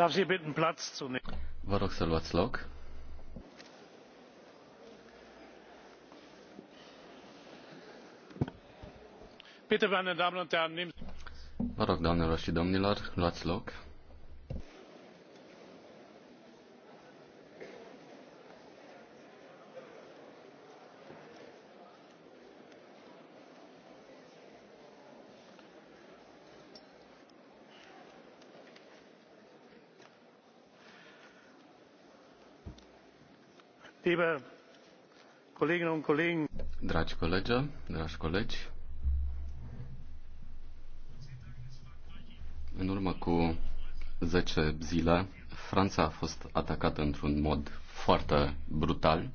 Darf Vă rog să luați loc. Vă rog, doamnelor și domnilor, luați loc. dragi colegi, dragi colegi, în urmă cu 10 zile, Franța a fost atacată într-un mod foarte brutal